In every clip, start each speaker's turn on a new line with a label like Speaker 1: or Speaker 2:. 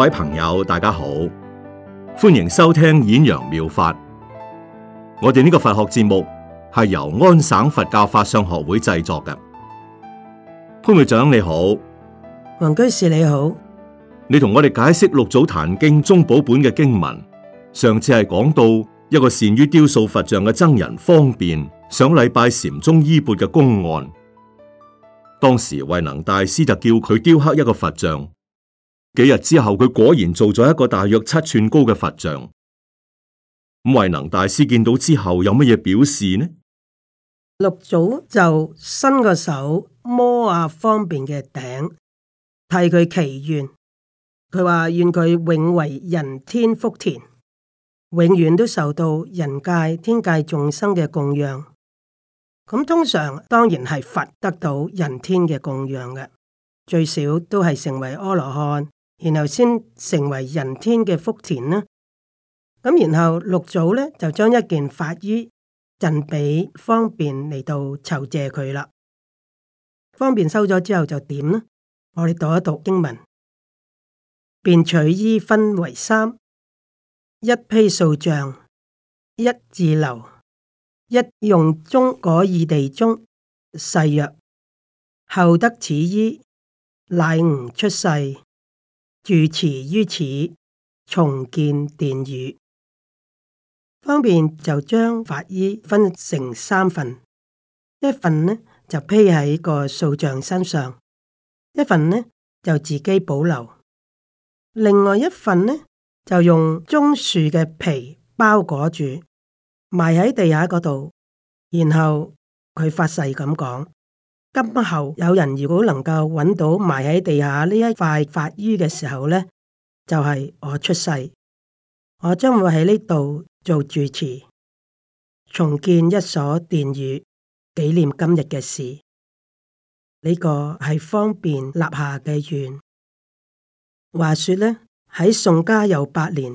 Speaker 1: 各位朋友，大家好，歡迎收聽演揚妙，妙法。我哋呢個佛學節目係由安省佛教法相學會製作嘅。潘會長你好，黃居士你好，你同我哋解釋《六祖壇經》中寶本嘅經文。上次係講到一個善於雕塑佛像嘅僧人方便，想禮拜禪宗衣鉢嘅公案，當時慧能大師就叫佢雕刻一個佛像。幾日之後，佢果然做咗一個大約七寸高嘅佛像。咁慧能大師見到之後有乜嘢表示呢？
Speaker 2: 六祖就伸個手摸啊方便嘅頂，替佢祈願。佢話願佢永為人天福田，永遠都受到人界天界眾生嘅供養。咁通常當然係佛得到人天嘅供養嘅，最少都係成為阿羅漢。然後先成為人天嘅福田呢？咁然後六祖呢就將一件法衣贈俾方便嚟到酬謝佢啦。方便收咗之後就點呢？我哋讀一讀經文，便取衣分為三：一披塑像，一自留，一用中果異地中。誓曰：後得此衣，乃吾出世。住持於此，重建殿宇，方便就將法衣分成三份，一份呢就披喺個塑像身上，一份呢就自己保留，另外一份呢就用棕樹嘅皮包裹住，埋喺地下嗰度，然後佢發誓咁講。今後有人如果能夠揾到埋喺地下呢一塊法衣嘅時候咧，就係、是、我出世，我將會喺呢度做住持，重建一所殿宇，紀念今日嘅事。呢、這個係方便立下嘅願。話說咧，喺宋嘉佑八年，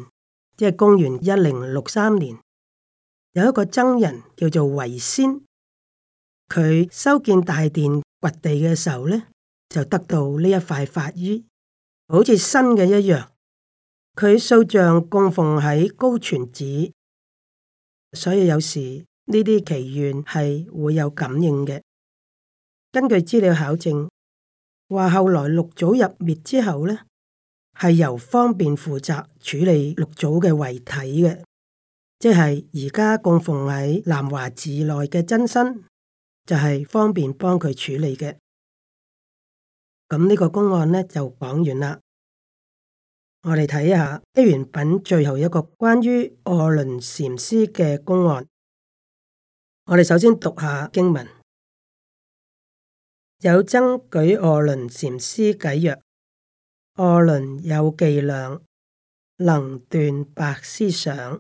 Speaker 2: 即、就、係、是、公元一零六三年，有一個僧人叫做維仙。佢修建大殿掘地嘅時候呢，就得到呢一塊法衣，好似新嘅一樣。佢塑像供奉喺高泉寺，所以有時呢啲祈願係會有感應嘅。根據資料考證，話後來六祖入滅之後呢，係由方辯負責處理六祖嘅遺體嘅，即係而家供奉喺南華寺內嘅真身。就係方便幫佢處理嘅，咁呢個公案呢就講完啦。我哋睇下機緣品最後一個關於卧輪禪師嘅公案。我哋首先讀下經文：有僧舉卧輪禪師偈曰：卧輪有伎倆，能斷百思想，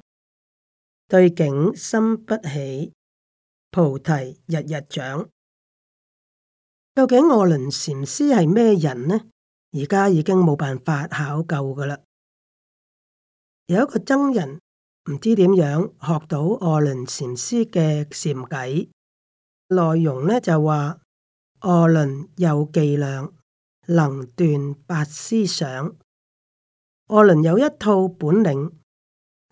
Speaker 2: 對境心不起。菩提日日長，究竟臥輪禪師係咩人呢？而家已經冇辦法考究噶啦。有一個僧人唔知點樣學到臥輪禪師嘅禪偈內容呢，就話臥輪有伎倆，能斷百思想。臥輪有一套本領，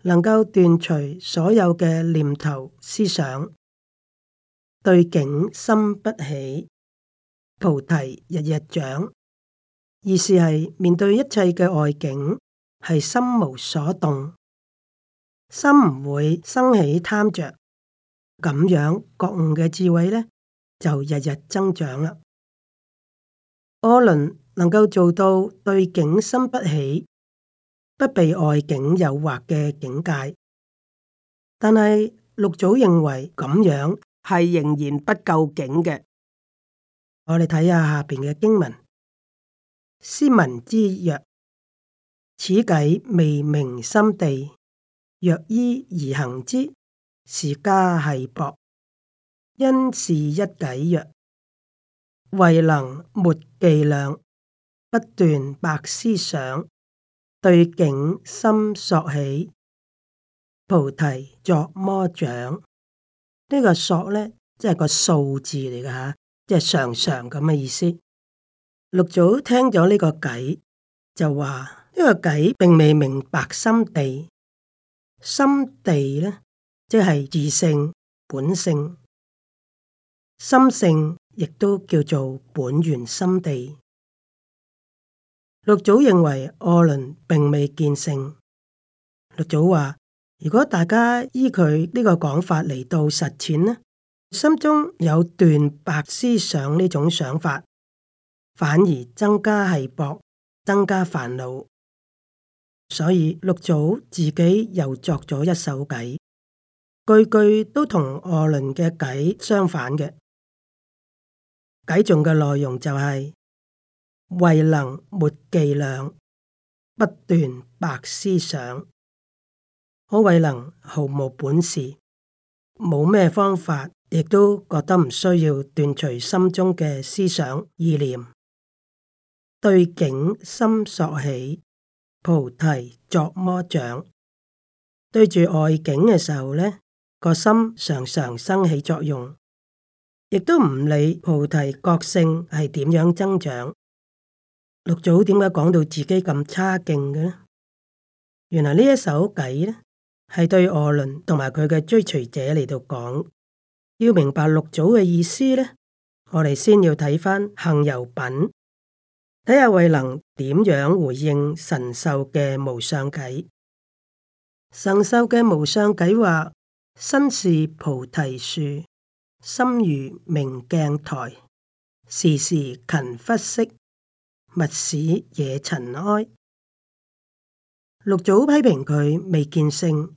Speaker 2: 能夠斷除所有嘅念頭思想。對境心不起，菩提日日長。意思係面對一切嘅外境，係心無所動，心唔會生起貪着。咁樣覺悟嘅智慧咧就日日增長啦。臥輪能夠做到對境心不起，不被外境誘惑嘅境界，但係六祖認為咁樣，係仍然不究竟嘅，我哋睇下下邊嘅經文。師文之曰：此偈未明心地，若依而行之，是加係薄。因是一偈曰：惠能沒伎倆，不斷白思想，對境心索起菩提作魔掌。」呢個索咧，即係個數字嚟噶吓，即係常常咁嘅意思。六祖聽咗呢個偈，就話呢個偈並未明白心地，心地咧即係自性本性，心性亦都叫做本源心地。六祖認為阿倫並未見性，六祖話。如果大家依佢呢個講法嚟到實踐呢，心中有斷百思想呢種想法，反而增加繫縛，增加煩惱。所以六祖自己又作咗一首偈，句句都同臥輪嘅偈相反嘅。偈中嘅內容就係、是、惠能沒伎倆，不斷百思想。可惠能毫無本事，冇咩方法，亦都覺得唔需要斷除心中嘅思想意念。對境心索起菩提作麼長。對住外境嘅時候咧，個心常常生起作用，亦都唔理菩提覺性係點樣增長。六祖點解講到自己咁差勁嘅咧？原來一首呢一首偈。咧。係對阿倫同埋佢嘅追隨者嚟到講，要明白六祖嘅意思呢。我哋先要睇返《行由品》，睇下慧能點樣回應神秀嘅無相偈。神秀嘅無相偈話：身是菩提樹，心如明鏡台，時時勤拂拭，勿使惹塵埃。六祖批評佢未見性，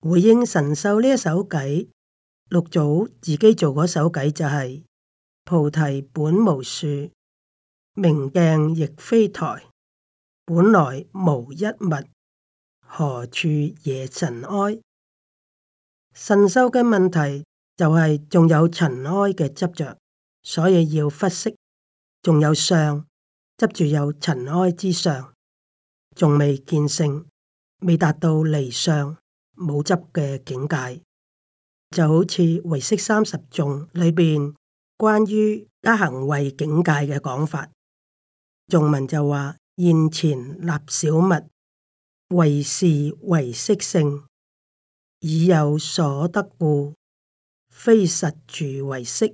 Speaker 2: 回應神秀呢一首偈。六祖自己做嗰首偈就係、是、菩提本無樹，明鏡亦非台，本來無一物，何處惹塵埃？神秀嘅問題就係仲有塵埃嘅執着，所以要拂拭。仲有相，執住有塵埃之相。仲未見性，未達到離相冇執嘅境界，就好似唯識三十頌裏邊關於加行位境界嘅講法，頌文就話，現前立少物，謂是唯識性，以有所得故，非實住唯識。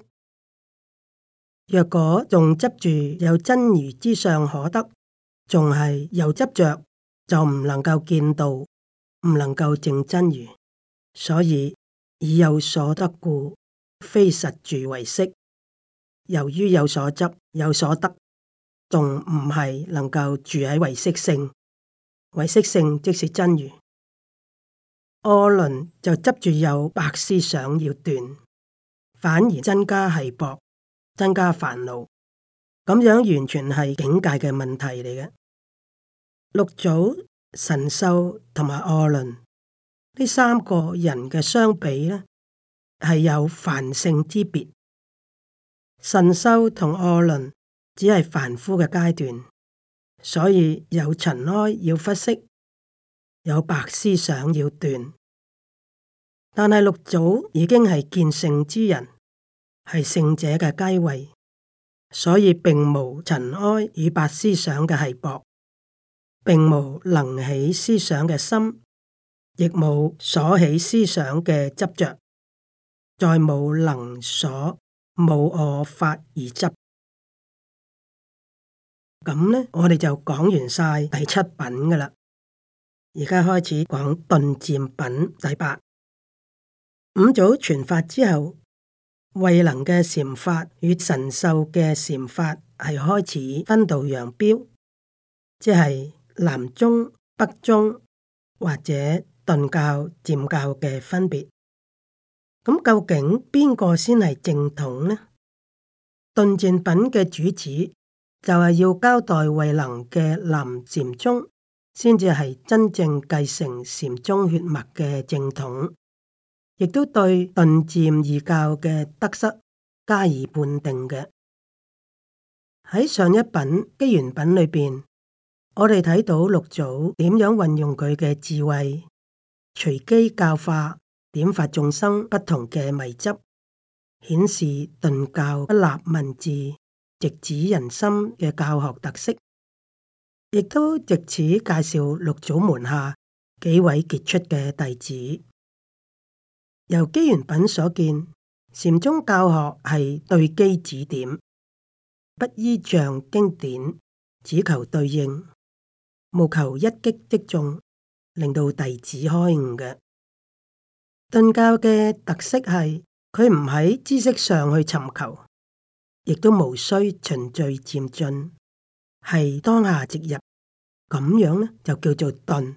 Speaker 2: 若果仲執住有真如之相可得。仲係又執着，就唔能夠見到，唔能夠證真如，所以以有所得故，非實住唯識。由於有所執、有所得，仲唔係能夠住喺唯識性，唯識性即是真如。阿倫就執住有白思想要斷，反而增加繫薄，增加煩惱。咁樣完全係境界嘅問題嚟嘅。六祖、神秀同埋臥輪呢三個人嘅相比呢係有凡聖之別。神秀同臥輪只係凡夫嘅階段，所以有塵埃要拂拭，有百思想要斷。但係六祖已經係見性之人，係聖者嘅階位。所以並無塵埃與白思想嘅繫薄，並無能起思想嘅心，亦冇所起思想嘅執着，再冇能所冇我法而執。咁呢，我哋就講完晒第七品噶啦，而家開始講頓漸品第八。五祖傳法之後。慧能嘅禪法與神秀嘅禪法係開始分道揚鑣，即係南宗北宗或者頓教漸教嘅分別。咁、嗯、究竟邊個先係正統呢？頓漸品嘅主旨就係要交代慧能嘅南禪宗先至係真正繼承禪宗血脈嘅正統。亦都對頓漸二教嘅得失加以判定嘅。喺上一品機緣品裏邊，我哋睇到六祖點樣運用佢嘅智慧，隨機教化，點發眾生不同嘅迷執，顯示頓教不立文字，直指人心嘅教學特色。亦都借此介紹六祖門下幾位傑出嘅弟子。由機緣品所見，禪宗教學係對機指點，不依仗經典，只求對應，無求一擊即中，令到弟子開悟嘅。頓教嘅特色係佢唔喺知識上去尋求，亦都無需循序漸進，係當下直入，咁樣咧就叫做頓。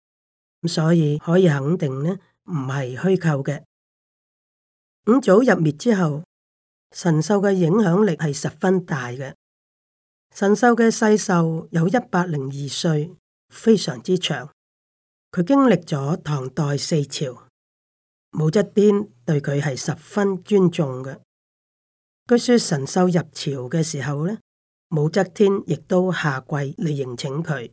Speaker 2: 所以可以肯定呢，唔係虛構嘅。五祖入滅之後，神秀嘅影響力係十分大嘅。神秀嘅世壽有一百零二歲，非常之長。佢經歷咗唐代四朝，武則天對佢係十分尊重嘅。據說神秀入朝嘅時候呢，武則天亦都下跪嚟迎請佢。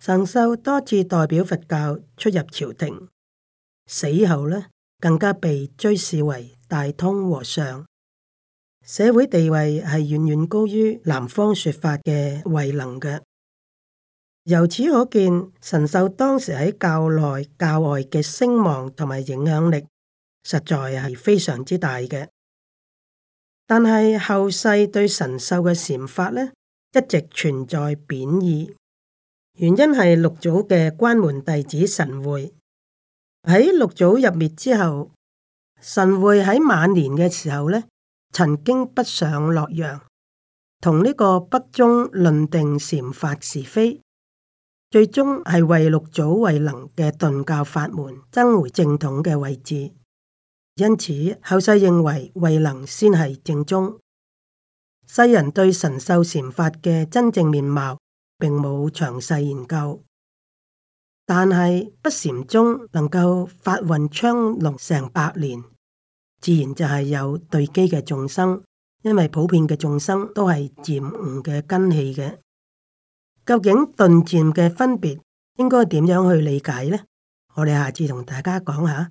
Speaker 2: 神秀多次代表佛教出入朝廷，死後呢，更加被追視為大通和尚，社會地位係遠遠高於南方說法嘅慧能嘅。由此可見，神秀當時喺教內教外嘅聲望同埋影響力，實在係非常之大嘅。但係後世對神秀嘅禪法呢，一直存在貶義。原因係六祖嘅關門弟子神會喺六祖入滅之後，神會喺晚年嘅時候咧，曾經北上洛陽，同呢個北宗論定禪法是非，最終係為六祖慧能嘅頓教法門爭回正統嘅位置，因此後世認為慧能先係正宗。世人對神秀禪法嘅真正面貌。並冇詳細研究，但係北禪宗能夠法運昌隆成百年，自然就係有對機嘅眾生，因為普遍嘅眾生都係漸悟嘅根器嘅。究竟頓漸嘅分別應該點樣去理解呢？我哋下次同大家講下。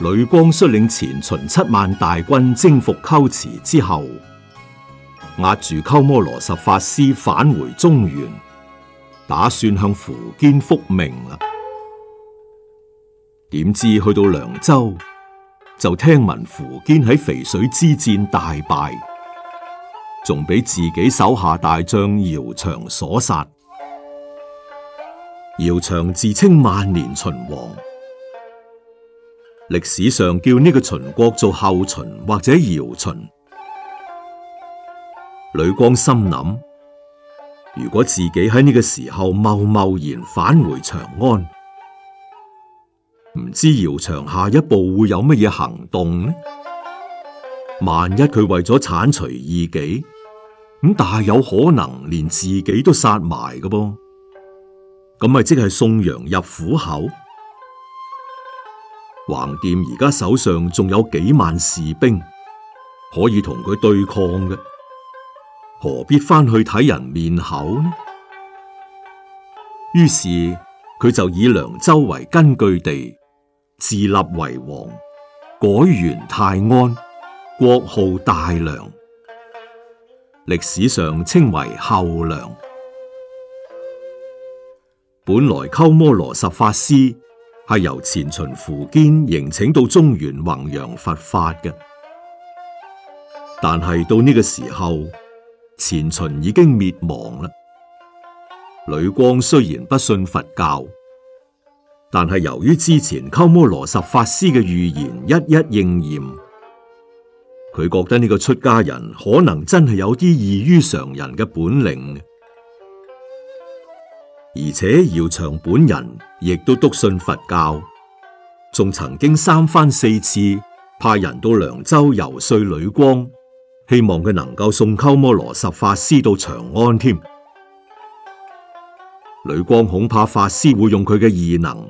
Speaker 1: 呂光率領前秦七萬大軍征服龜茲之後，押住鳩摩羅什法師返回中原，打算向苻堅復命啦。點知去到涼州就聽聞苻堅喺淝水之戰大敗，仲俾自己手下大將姚萇所殺。姚萇自稱萬年秦王。歷史上叫呢個秦國做後秦或者姚秦。呂光心諗：如果自己喺呢個時候貿貿然返回長安，唔知姚祥下一步會有乜嘢行動呢？萬一佢為咗鏟除異己，咁大有可能連自己都殺埋㗎噃。咁咪即係送羊入虎口？橫掂而家手上仲有幾萬士兵可以同佢對抗嘅，何必翻去睇人面口呢？於是佢就以涼州為根據地，自立為王，改元太安，國號大涼，歷史上稱為後涼。本來鳩摩羅什法師係由前秦苻堅迎請到中原弘揚佛法嘅，但係到呢個時候，前秦已經滅亡啦。呂光雖然不信佛教，但係由於之前鳩摩羅什法師嘅預言一一應驗，佢覺得呢個出家人可能真係有啲異於常人嘅本領。而且姚萇本人亦都篤信佛教，仲曾經三番四次派人到涼州遊說呂光，希望佢能夠送鳩摩羅什法師到長安添。呂光恐怕法師會用佢嘅異能，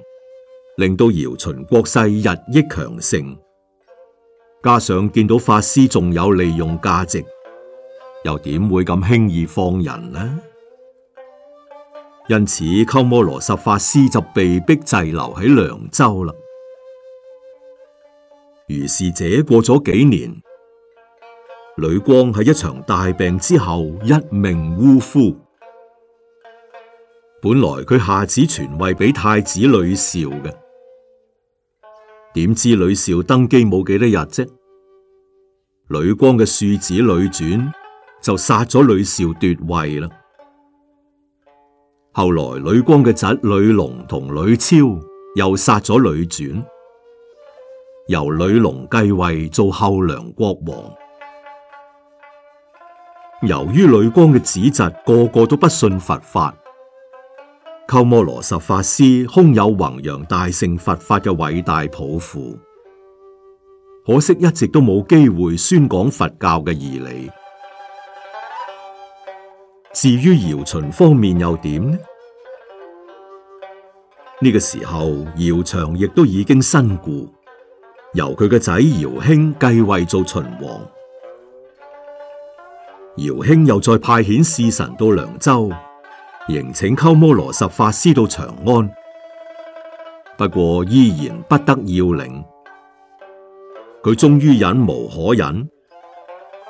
Speaker 1: 令到姚秦國勢日益強盛，加上見到法師仲有利用價值，又點會咁輕易放人呢？因此，鳩摩羅什法師就被逼滯留喺涼州啦。於是這，者過咗幾年，呂光喺一場大病之後一命嗚呼。本來佢下旨傳位俾太子呂紹嘅，點知呂紹登基冇幾多日啫，呂光嘅庶子呂纂就殺咗呂紹奪位啦。後來呂光嘅侄呂龍同呂超又殺咗呂纂，由呂龍繼位做後涼國王。由於呂光嘅子侄個個都不信佛法，鳩摩羅什法師空有弘揚大乘佛法嘅偉大抱負，可惜一直都冇機會宣講佛教嘅義理。至於姚秦方面又點呢？呢個時候，姚萇亦都已經身故，由佢嘅仔姚興繼位做秦王。姚興又再派遣侍臣到涼州，迎請鳩摩羅什法師到長安，不過依然不得要領。佢終於忍無可忍，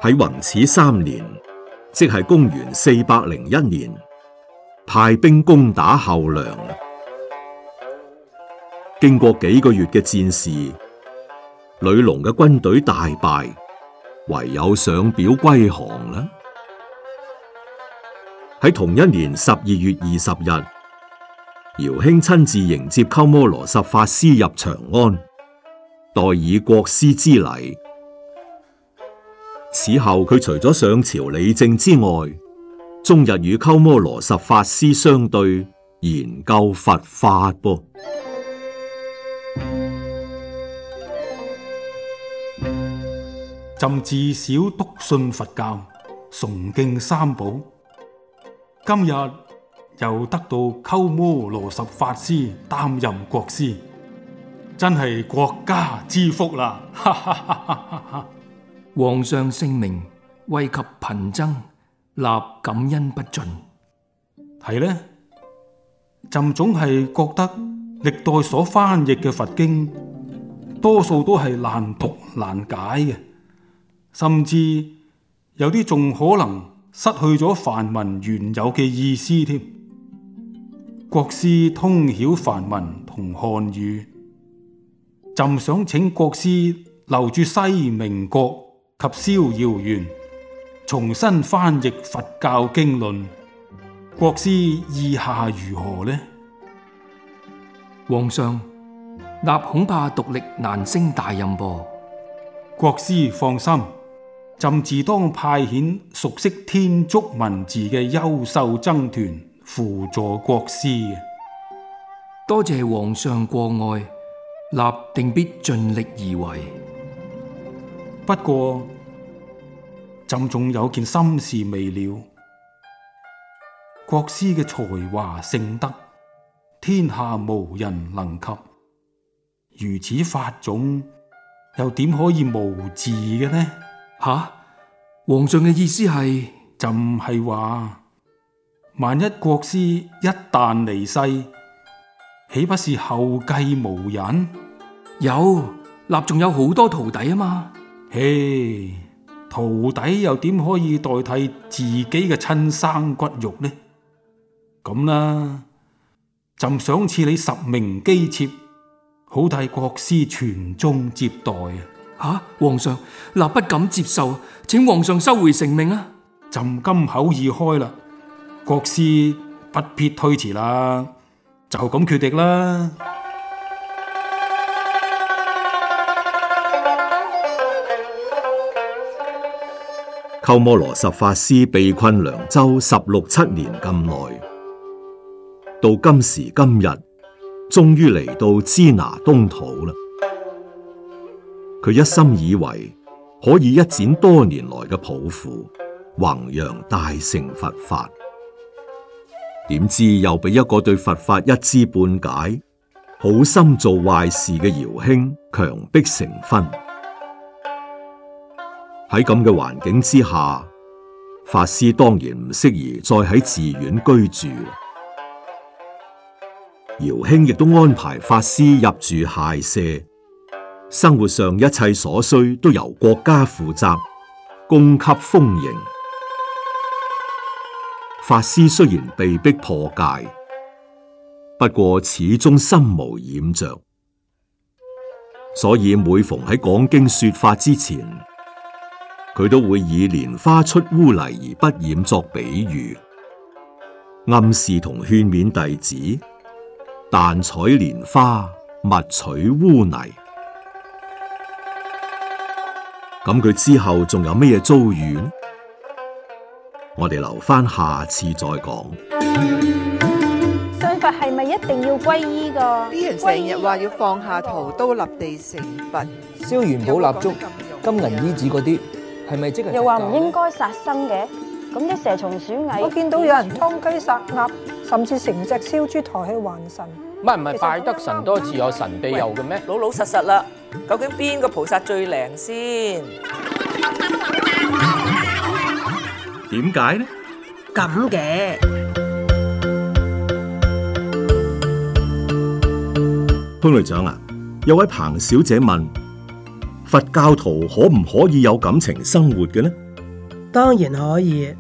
Speaker 1: 喺弘始三年，即係公元四百零一年，派兵攻打後涼。經過幾個月嘅戰事，呂隆嘅軍隊大敗，唯有上表歸降啦。喺同一年十二月二十日，姚興親自迎接鳩摩羅什法師入長安，待以國師之禮。此後佢除咗上朝理政之外，終日與鳩摩羅什法師相對研究佛法噃。
Speaker 3: 朕至少篤信佛教，崇敬三寶。今日又得到鳩摩羅什法師擔任國師，真係國家之福啦！哈哈哈哈！皇上聖明，惠及貧僧，立感恩不盡。係呢，朕總係覺得歷代所翻譯嘅佛經，多數都係難讀難解嘅。甚至有啲仲可能失去咗梵文原有嘅意思添。國師通曉梵文同漢語，朕想請國師留住西明國及逍遙園，重新翻譯佛教經論。國師意下如何呢？皇上，立恐怕獨力難升大任噃。國師放心。朕自當派遣熟悉天竺文字嘅優秀僧團輔助國師。多謝皇上過愛，立定必盡力而為。不過，朕仲有件心事未了。國師嘅才華盛德，天下無人能及。如此法種，又點可以無字嘅呢？吓！皇上嘅意思係，朕係話，萬一國師一旦離世，豈不是後繼無人？有立仲有好多徒弟啊嘛。嘿，徒弟又點可以代替自己嘅親生骨肉呢？咁啦，朕想賜你十名姬妾，好替國師傳宗接代啊！啊！皇上，立不敢接受，請皇上收回成命啊。朕金口已開啦，國師不必推遲啦，就咁決定啦！
Speaker 1: 鳩摩羅什法師被困涼州十六七年咁耐，到今時今日，終於嚟到支那東土啦！佢一心以為可以一展多年來嘅抱負，弘揚大乘佛法，點知又被一個對佛法一知半解、好心做壞事嘅姚興強迫成婚。喺咁嘅環境之下，法師當然唔適宜再喺寺院居住。姚興亦都安排法師入住廨舍。生活上一切所需都由國家負責，供給豐盈。法師雖然被迫破戒，不過始終心無染着，所以每逢喺講經說法之前，佢都會以蓮花出污泥而不染作比喻，暗示同勸勉弟子：但採蓮花，勿取污泥。咁佢之後仲有咩嘢遭遇？我哋留翻下，下次再講。
Speaker 3: 信佛係咪一定要皈依噶？啲人成日話要放下屠刀立地成佛，燒元寶蠟燭、金銀衣紙嗰啲，係咪的即係？又話唔應該殺生嘅，咁啲蛇蟲鼠蟻，我見到有人劏雞殺鴨，甚至成隻燒豬抬去還神。唔係唔係，拜得
Speaker 1: 神多自有神庇佑嘅咩？老老實實啦。究竟邊個菩薩最靈先？點解呢？咁嘅潘隊長啊，有位彭小姐問：佛教徒可唔可以有感情生活嘅呢？
Speaker 2: 當然可以，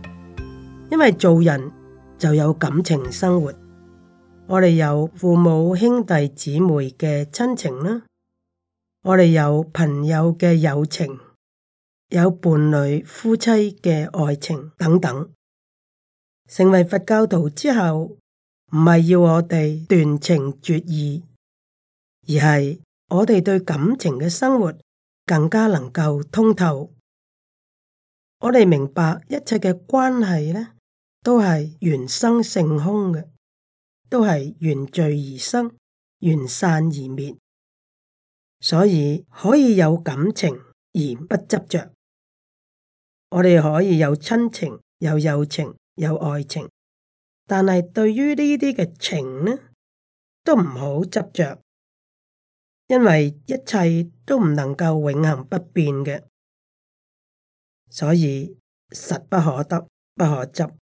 Speaker 2: 因為做人就有感情生活，我哋有父母兄弟姊妹嘅親情啦。我哋有朋友嘅友情，有伴侶、夫妻嘅愛情等等。成為佛教徒之後，唔係要我哋斷情絕義，而係我哋對感情嘅生活更加能夠通透。我哋明白一切嘅關係呢，都係緣生性空嘅，都係緣聚而生，緣散而滅。所以可以有感情而不執着，我哋可以有親情、有友情、有愛情，但係對於呢啲嘅情呢，都唔好執着，因為一切都唔能夠永恒不變嘅，所以實不可得，不可執。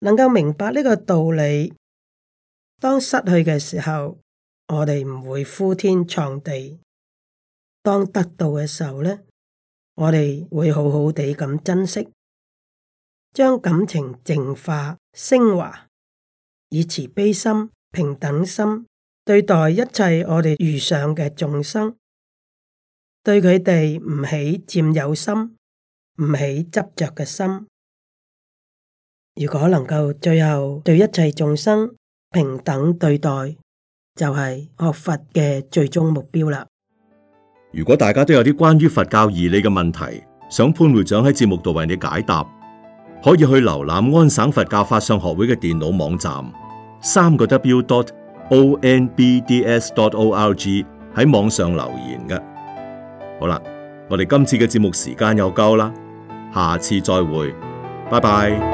Speaker 2: 能夠明白呢個道理，當失去嘅時候。我哋唔會呼天搶地，當得到嘅時候咧，我哋會好好地咁珍惜，將感情淨化升華，以慈悲心、平等心對待一切我哋遇上嘅眾生，對佢哋唔起佔有心，唔起執着嘅心。如果能夠最後對一切眾生平等對待。就係學佛嘅最終目標啦。
Speaker 1: 如果大家都有啲關於佛教義理嘅問題，想潘會長喺節目度為你解答，可以去瀏覽安省佛教法相學會嘅電腦網站，三個 w dot o n b d s dot o l g 喺網上留言嘅。好啦，我哋今次嘅節目時間又夠啦，下次再會，拜拜。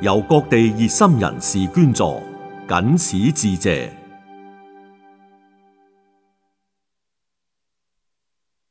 Speaker 1: 由各地熱心人士捐助，謹此致謝。